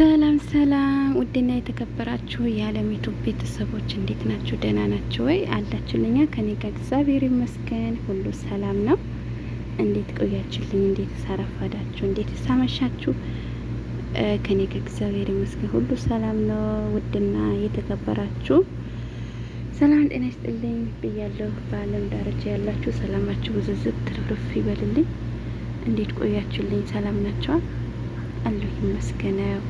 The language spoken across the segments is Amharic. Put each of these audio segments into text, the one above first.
ሰላም ሰላም፣ ውድና የተከበራችሁ ዩቱብ ቤተሰቦች እንዴት ናችሁ? ደህና ናችሁ ወይ? አላችሁልኛ? ከኔ ጋር እግዚአብሔር ይመስገን ሁሉ ሰላም ነው። እንዴት ቆያችሁልኝ? እንዴት ሳረፋዳችሁ? እንዴት ሳመሻችሁ? ከኔ ጋር እግዚአብሔር ይመስገን ሁሉ ሰላም ነው። ውድና የተከበራችሁ ሰላም ጤና ይስጥልኝ ብያለሁ። በአለም ዳርቻ ያላችሁ ሰላማችሁ ብዝዝብ ትርፍርፍ ይበልልኝ። እንዴት ቆያችሁልኝ? ሰላም ናቸዋል? አለሁ ይመስገነው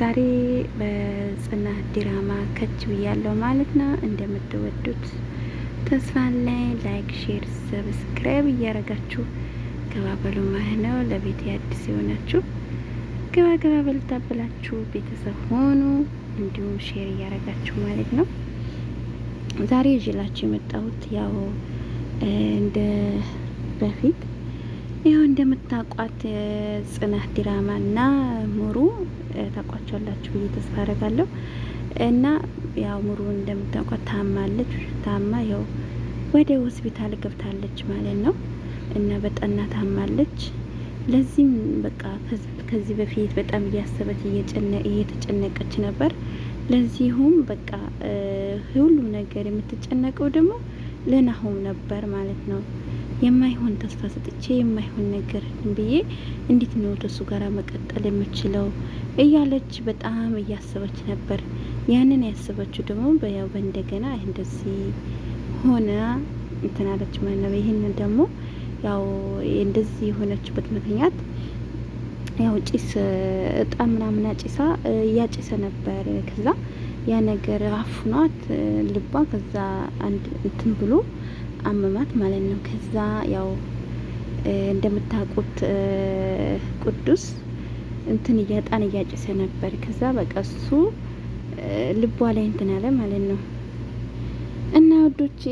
ዛሬ በጽናት ዲራማ ከች ብያለሁ ማለት ነው። እንደምትወዱት ተስፋ ላይ ላይክ፣ ሼር፣ ሰብስክራይብ እያረጋችሁ ገባበሉ ማለት ነው። ለቤት አዲስ የሆናችሁ ገባ ገባ በልታበላችሁ ቤተሰብ ሆኑ፣ እንዲሁም ሼር እያረጋችሁ ማለት ነው። ዛሬ ይዤላችሁ የመጣሁት ያው እንደ በፊት ይኸው እንደምታውቋት ጽናት ዲራማ እና ሙሩ ታቋቸዋላችሁ ብዬ ተስፋ አደርጋለሁ። እና ያው ሙሩ እንደምታውቋት ታማለች። ታማ ያው ወደ ሆስፒታል ገብታለች ማለት ነው። እና በጠና ታማለች። ለዚህም በቃ ከዚህ በፊት በጣም እያሰበች እየተጨነቀች ነበር። ለዚሁም በቃ ሁሉም ነገር የምትጨነቀው ደግሞ ለናሆም ነበር ማለት ነው። የማይሆን ተስፋ ሰጥቼ የማይሆን ነገር ብዬ እንዴት ነው ከሱ ጋር መቀጠል የምችለው እያለች በጣም እያሰበች ነበር። ያንን ያሰበችው ደግሞ በያው በእንደገና እንደዚህ ሆነ እንትን አለች ማለት ነው። ይህን ደግሞ ያው እንደዚህ የሆነችበት ምክንያት ያው ጭስ እጣ ምናምን አጭሳ እያጭሰ ነበር ከዛ ያ ነገር አፍኗት ልቧ ከዛ አንድ እንትን ብሎ አመማት ማለት ነው። ከዛ ያው እንደምታውቁት ቅዱስ እንትን እያጣን እያጨሰ ነበር። ከዛ በቃ እሱ ልቧ ላይ እንትን አለ ማለት ነው። እና ወዶቼ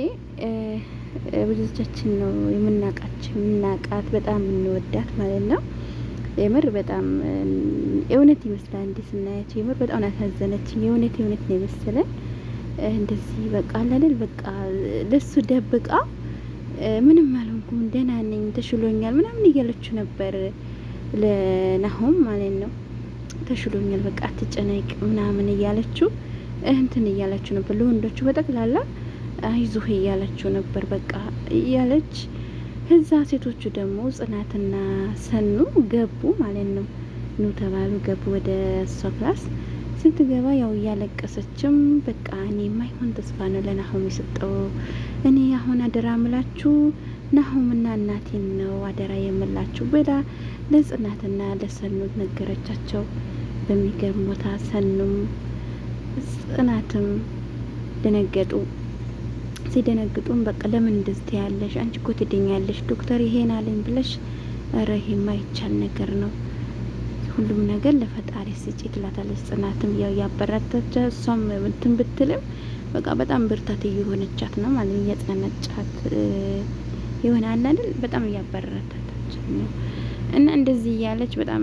ብዙዎቻችን ነው የምናቃት የምናቃት በጣም የምንወዳት ማለት ነው። የምር በጣም እውነት ይመስላል እንዴ ስናያቸው፣ የምር በጣም ያሳዘነችኝ የእውነት የእውነት ነው የመሰለን እንደዚህ በቃ አላለል በቃ ለሱ ደብቃ ምንም አልሆንኩም ደህና ነኝ ተሽሎኛል ምናምን እያለችው ነበር ለናሆም ማለት ነው። ተሽሎኛል በቃ አትጨነቅ ምናምን እያለችው እንትን እያለችው ነበር። ለወንዶቹ በጠቅላላ አይዞህ እያለችው ነበር በቃ እያለች ከዛ ሴቶቹ ደግሞ ጽናትና ሰኑ ገቡ ማለት ነው። ኑ ተባሉ፣ ገቡ ወደ እሷ ክላስ። ስትገባ ያው እያለቀሰችም በቃ እኔ የማይሆን ተስፋ ነው ለናሆም የሰጠው። እኔ አሁን አደራ ምላችሁ ናሆምና እናቴን ነው አደራ የምላችሁ ብላ ለጽናትና ለሰኑ ነገረቻቸው። በሚገርም ቦታ ሰኑም ጽናትም ደነገጡ። ሲደነግጡም በቃ ለምን እንደዚህ ያለሽ አንቺ እኮ ትድኛለሽ፣ ዶክተር ይሄን አለኝ ብለሽ እረ የማይቻል ነገር ነው። ሁሉም ነገር ለፈጣሪ ስጪ ትላታለች። ጽናትም ያው ያበረታቻ እሷም እንትን ብትልም በቃ በጣም ብርታት እየሆነቻት ነው ማለት እያጽናናቻት የሆነ አይደል በጣም እያበረታታች ነው። እና እንደዚህ እያለች በጣም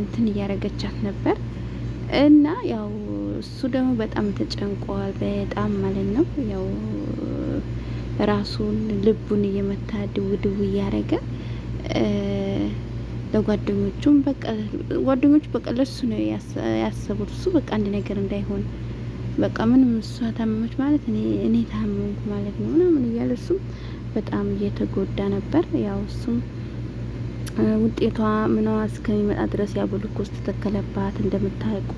እንትን እያረገቻት ነበር እና ያው እሱ ደግሞ በጣም ተጨንቋል። በጣም ማለት ነው ያው ራሱን ልቡን እየመታ ድው ድው እያደረገ ለጓደኞቹም በቃ ጓደኞቹ በቃ ለሱ ነው ያሰቡት። እሱ በቃ አንድ ነገር እንዳይሆን በቃ ምንም እሷ ታመመች ማለት እኔ እኔ ታመምኩ ማለት ነው ምናምን እያለ እሱም በጣም እየተጎዳ ነበር። ያው እሱም ውጤቷ ምናዋ እስከሚመጣ ድረስ ያው ብሉኮስ ተተከለባት እንደምታውቁ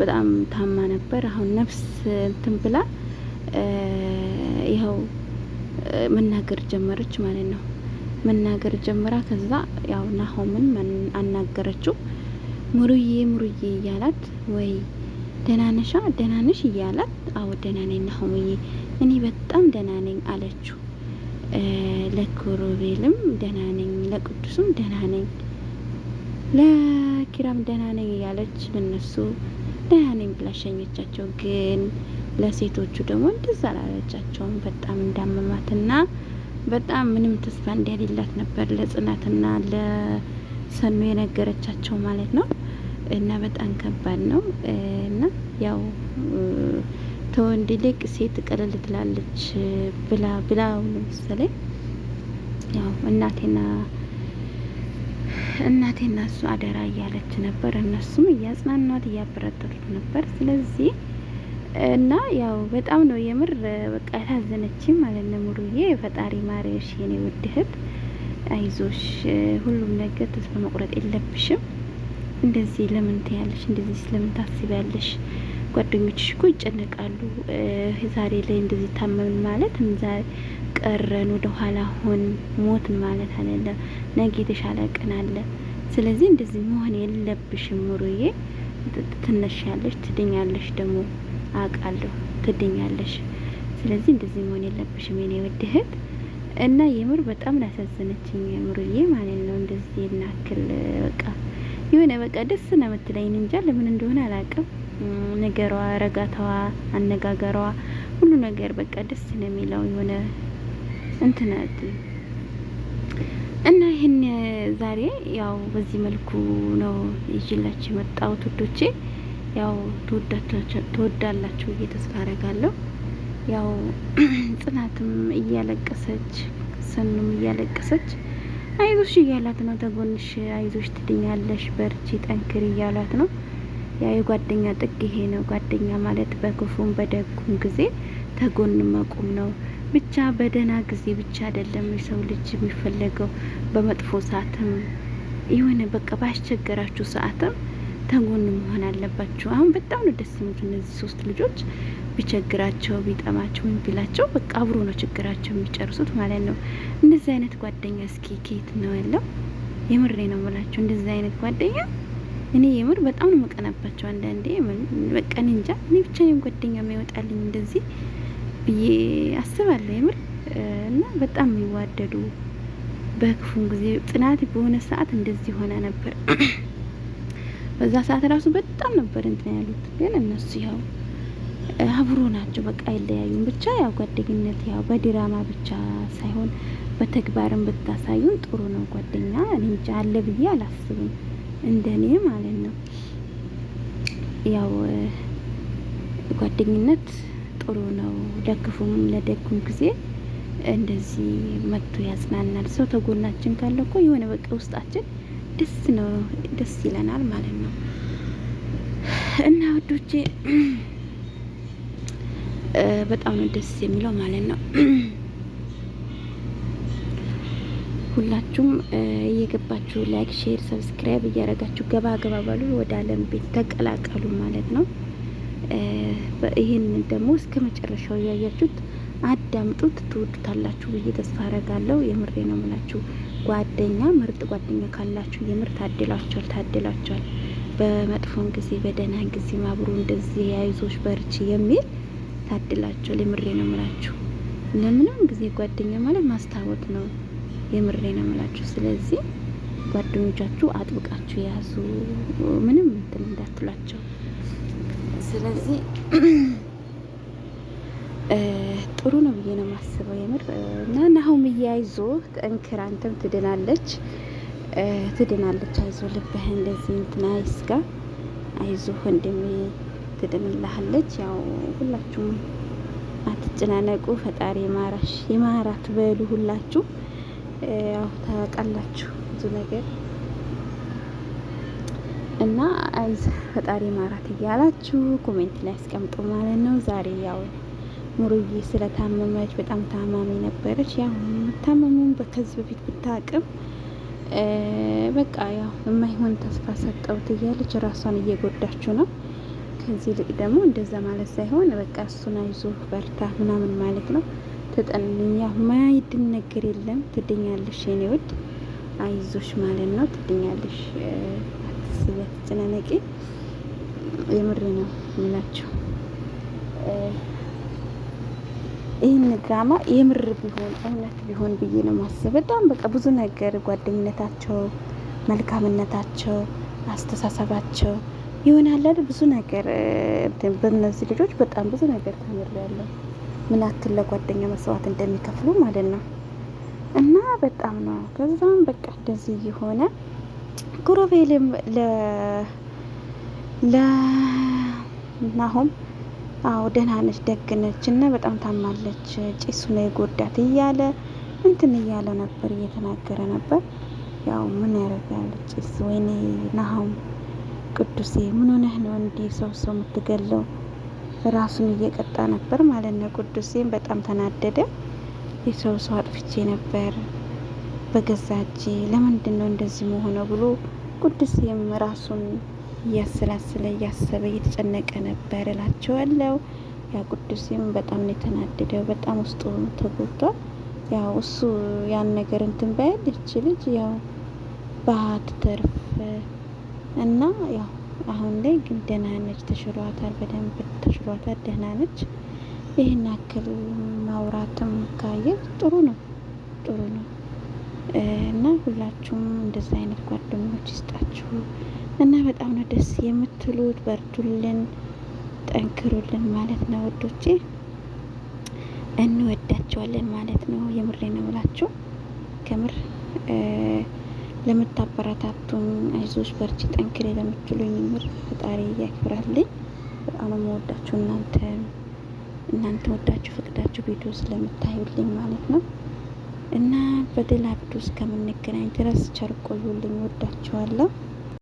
በጣም ታማ ነበር። አሁን ነፍስ እንትን ብላ ይኸው መናገር ጀመረች ማለት ነው። መናገር ጀምራ ከዛ ያው ናሆምን አናገረችው። ሙሩዬ ሙሩዬ እያላት ወይ ደናነሻ ደናነሽ እያላት አዎ ደና ነኝ ናሆምዬ እኔ በጣም ደናኔኝ ነኝ አለችው። ለኮሮቤልም ደና ነኝ፣ ለቅዱስም ደና ነኝ፣ ለኪራም ደናነኝ ነኝ እያለች ለነሱ ዳያኔም ብላ ሸኘቻቸው። ግን ለሴቶቹ ደግሞ እንደዛ አላለቻቸውም። በጣም እንዳመማትና በጣም ምንም ተስፋ እንዲያሌላት ነበር ለጽናትና ለሰኑ የነገረቻቸው ማለት ነው። እና በጣም ከባድ ነው እና ያው ተወንድ ይልቅ ሴት ቀለል ትላለች ብላ ብላ መሰለኝ ያው እናቴና እናቴና እሱ አደራ እያለች ነበር። እነሱም እያጽናኗት እያበረታቱት ነበር። ስለዚህ እና ያው በጣም ነው የምር በቃ ታዘነች ማለት ነው። ሙሉዬ የፈጣሪ ማሪሽ የኔ ውድ አይዞሽ፣ ሁሉም ነገር ተስፋ መቁረጥ የለብሽም። እንደዚህ ለምን ትያለሽ? እንደዚህ ለምን ታስቢያለሽ? ጓደኞችሽ እኮ ይጨነቃሉ። ዛሬ ላይ እንደዚህ ታመምን ማለት ቀረን ኋላ ሆን ሞትን ማለት አይደለም። ነገ የተሻለ ቀን አለ። ስለዚህ እንደዚህ መሆን የለብሽም ኑሮዬ። ትነሻለሽ፣ ትድኛለሽ። ደግሞ አውቃለሁ ትድኛለሽ። ስለዚህ እንደዚህ መሆን የለብሽም የኔ ውድ እህት እና የምር በጣም ላሳዘነችኝ ኑሮዬ ማለት ነው። እንደዚህ እናክል በቃ የሆነ በቃ ደስ ነው የምትለኝ። እንጃ ለምን እንደሆነ አላውቅም። ነገሯ፣ ረጋታዋ፣ አነጋገሯ ሁሉ ነገር በቃ ደስ ነው የሚለው የሆነ እንትነት እና ይህን ዛሬ ያው በዚህ መልኩ ነው ይዤላችሁ የመጣሁት ውዶቼ። ያው ትወዳላችሁ ብዬ ተስፋ አረጋለሁ። ያው ጽናትም እያለቀሰች ሰኑም እያለቀሰች አይዞሽ እያላት ነው። ተጎንሽ አይዞሽ፣ ትድኛለሽ፣ በርቺ፣ ጠንክሪ እያላት ነው። ያው የጓደኛ ጥግ ይሄ ነው። ጓደኛ ማለት በክፉም በደጉም ጊዜ ተጎን መቆም ነው። ብቻ በደህና ጊዜ ብቻ አይደለም የሰው ልጅ የሚፈለገው፣ በመጥፎ ሰዓትም የሆነ በቃ ባስቸገራችሁ ሰዓትም ተጎን መሆን አለባችሁ። አሁን በጣም ነው ደስ የሚሉት እነዚህ ሶስት ልጆች ቢቸግራቸው ቢጠማቸው ወይም ቢላቸው በቃ አብሮ ነው ችግራቸው የሚጨርሱት ማለት ነው። እንደዚህ አይነት ጓደኛ እስኪ ከየት ነው ያለው? የምሬ ነው የምላቸው እንደዚህ አይነት ጓደኛ እኔ የምር በጣም ነው መቀናባቸው። አንዳንዴ በቃ እኔ እንጃ እኔ ብቻ ጓደኛ የማይወጣልኝ እንደዚህ ብዬ አስባለሁ የምር እና በጣም የሚዋደዱ በክፉን ጊዜ ጽናት በሆነ ሰዓት እንደዚህ ሆነ ነበር። በዛ ሰዓት ራሱ በጣም ነበር እንትን ያሉት፣ ግን እነሱ ያው አብሮ ናቸው፣ በቃ አይለያዩም። ብቻ ያው ጓደኝነት ያው በድራማ ብቻ ሳይሆን በተግባርም ብታሳዩን ጥሩ ነው። ጓደኛ እኔ እንጃ አለ ብዬ አላስብም፣ እንደኔ ማለት ነው ያው ጓደኝነት ጥሩ ነው። ደግፉም ለደጉም ጊዜ እንደዚህ መጥቶ ያጽናናል። ሰው ተጎናችን ካለ እኮ የሆነ በቃ ውስጣችን ደስ ነው ደስ ይለናል ማለት ነው። እና ውዶቼ በጣም ነው ደስ የሚለው ማለት ነው። ሁላችሁም እየገባችሁ ላይክ፣ ሼር፣ ሰብስክራይብ እያደረጋችሁ ገባ ገባ በሉ ወደ አለም ቤት ተቀላቀሉ ማለት ነው። ይህን ደግሞ እስከ መጨረሻው እያያችሁት አዳምጡት ትወዱታላችሁ ብዬ ተስፋ አረጋለሁ። የምሬ ነው ምላችሁ ጓደኛ ምርጥ ጓደኛ ካላችሁ የምር ታድላችኋል፣ ታድላችኋል። በመጥፎን ጊዜ በደህናን ጊዜ ማብሩ እንደዚህ አይዞሽ በርቺ የሚል ታድላችኋል። የምሬ ነው ምላችሁ ለምንም ጊዜ ጓደኛ ማለት ማስታወት ነው። የምሬ ነው ምላችሁ። ስለዚህ ጓደኞቻችሁ አጥብቃችሁ የያዙ ምንም እንትን እንዳትሏቸው ስለዚህ ጥሩ ነው ብዬ ነው የማስበው የምር እና ናሁም እያይዞ ጠንክር፣ አንተም ትድናለች ትድናለች። አይዞ ልብህ እንደዚህ እንትና ይስጋ፣ አይዞ ወንድሜ ትድንልሃለች። ያው ሁላችሁም አትጨናነቁ፣ ፈጣሪ ማራሽ የማራት በሉ ሁላችሁ ያው ታውቃላችሁ ብዙ ነገር ጋይዝ ፈጣሪ ማራት እያላችሁ ኮሜንት ላይ አስቀምጡ ማለት ነው። ዛሬ ያው ሙሩዬ ስለታመመች በጣም ታማሚ ነበረች። ያው የምታመሙን ከዚህ በፊት ብታቅም በቃ ያው የማይሆን ተስፋ ሰጠውት እያለች ራሷን እየጎዳችው ነው። ከዚህ ልቅ ደግሞ እንደዛ ማለት ሳይሆን በቃ እሱን አይዞ በርታ ምናምን ማለት ነው። ተጠንኛ ማይድን ነገር የለም ትድኛለሽ፣ የኔ ውድ አይዞሽ ማለት ነው። ትድኛለሽ አስቤ አትጨናነቂ። የምሬ ነው የምላችሁ። ይህን ድራማ የምር ቢሆን እውነት ቢሆን ብዬ ነው ማስብ። በጣም በቃ ብዙ ነገር ጓደኝነታቸው፣ መልካምነታቸው፣ አስተሳሰባቸው ይሆን ብዙ ነገር በእነዚህ ልጆች በጣም ብዙ ነገር ተምሬያለሁ። ምን ለጓደኛ መስዋዕት እንደሚከፍሉ ማለት ነው እና በጣም ነው ከዛም በቃ እንደዚህ የሆነ ጉሩቤልም ለናሆም አዎ ደህና ነች፣ ደግ ነች እና በጣም ታማለች፣ ጭሱ ነው የጎዳት እያለ እንትን እያለ ነበር እየተናገረ ነበር። ያው ምን ያደርጋል ጭስ። ወይኔ ናሆም ቅዱሴ ምን ሆነህ ነው እንዲህ ሰው ሰው የምትገለው? ራሱን እየቀጣ ነበር ማለት ነው። ቅዱሴም በጣም ተናደደ። የሰው ሰው አጥፍቼ ነበር በገዛ እጄ፣ ለምንድን ነው እንደዚህ መሆነ ብሎ ቅዱስም ራሱን እያሰላሰለ እያሰበ እየተጨነቀ ነበር እላቸዋለሁ። ያ ቅዱስም በጣም ነው የተናደደው። በጣም ውስጡ ተጎድቷል። ያው እሱ ያን ነገር እንትን ባይል እቺ ልጅ ያው ባህት ተርፍ እና ያው አሁን ላይ ግን ደህና ነች፣ ተሽሏታል፣ በደንብ ተሽሏታል፣ ደህና ነች። ይህን አክል ማውራትም ካየ ጥሩ ነው፣ ጥሩ ነው። እና ሁላችሁም እንደዚህ አይነት ጓደኞች ይስጣችሁ እና በጣም ነው ደስ የምትሉት። በርዱልን፣ ጠንክሩልን ማለት ነው ወዶቼ፣ እንወዳቸዋለን ማለት ነው። የምሬ ነው ብላችሁ ከምር ለምታበረታቱኝ፣ አይዞች በርቺ፣ ጠንክሬ ለምትሉኝ ምር ፈጣሪ እያክብራልኝ። በጣም ነው መወዳችሁ እናንተ እናንተ ወዳችሁ ፈቅዳችሁ ቪዲዮ ስለምታዩልኝ ማለት ነው። እና በሌላ ቪዲዮ እስከምንገናኝ ድረስ ቸር ቆዩልኝ። ወዳችኋለሁ።